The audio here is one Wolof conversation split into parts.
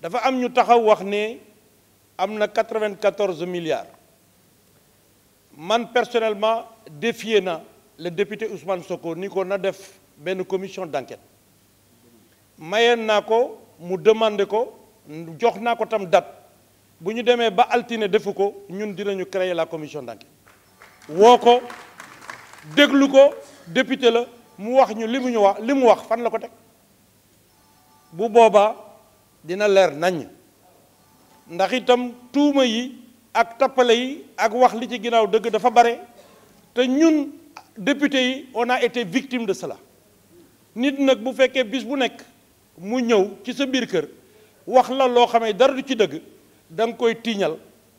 dafa am ñu taxaw wax ne am na 94 milliards man personnellement défier na le député Ousmane Soko ni ko na def benn commission d'enquête mayeen naa ko mu demandé ko jox naa ko tam date bu ñu demee ba altine defu ko ñun dinañu créer la commission d'enquête woo ko déglu ko député la mu wax ñu li mu ñu wax li mu wax fan la ko teg bu boobaa dina leer naññ ndax itam tuuma yi ak tappale yi ak wax li ci ginnaaw dëgg dafa bare te ñun député yi on a été victime de cela nit nag bu fekkee bis bu nekk mu ñëw ci sa biir kër wax la loo xamee dara du ci dëgg da koy tiiñal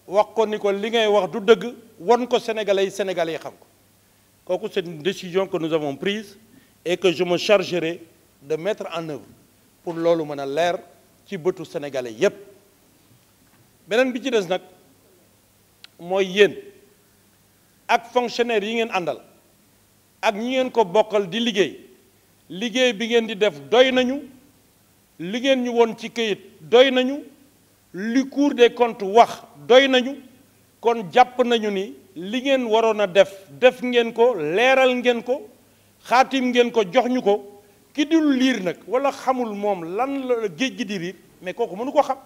wax ko ni ko li ngay wax du dëgg wan ko sénégalais yi sénégalais yi xam ko kooku c'est décision que nous avons prise et que je me de mettre en œuvre pour loolu mën a leer ci bëtu sénégalais yépp beneen bi ci des nag mooy yéen ak fonctionnaire yi ngeen àndal ak ñi ngeen ko bokkal di liggéey liggéey bi ngeen di def doy nañu li ngeen ñu woon ci kayit doy nañu li Cour des comptes wax doy nañu kon jàpp nañu ni li ngeen waroon a def def ngeen ko leeral ngeen ko xaatim ngeen ko jox ñu ko ki dul lire nak wala xamul mom lan la géej gi di riir mais kooku mënu ko xam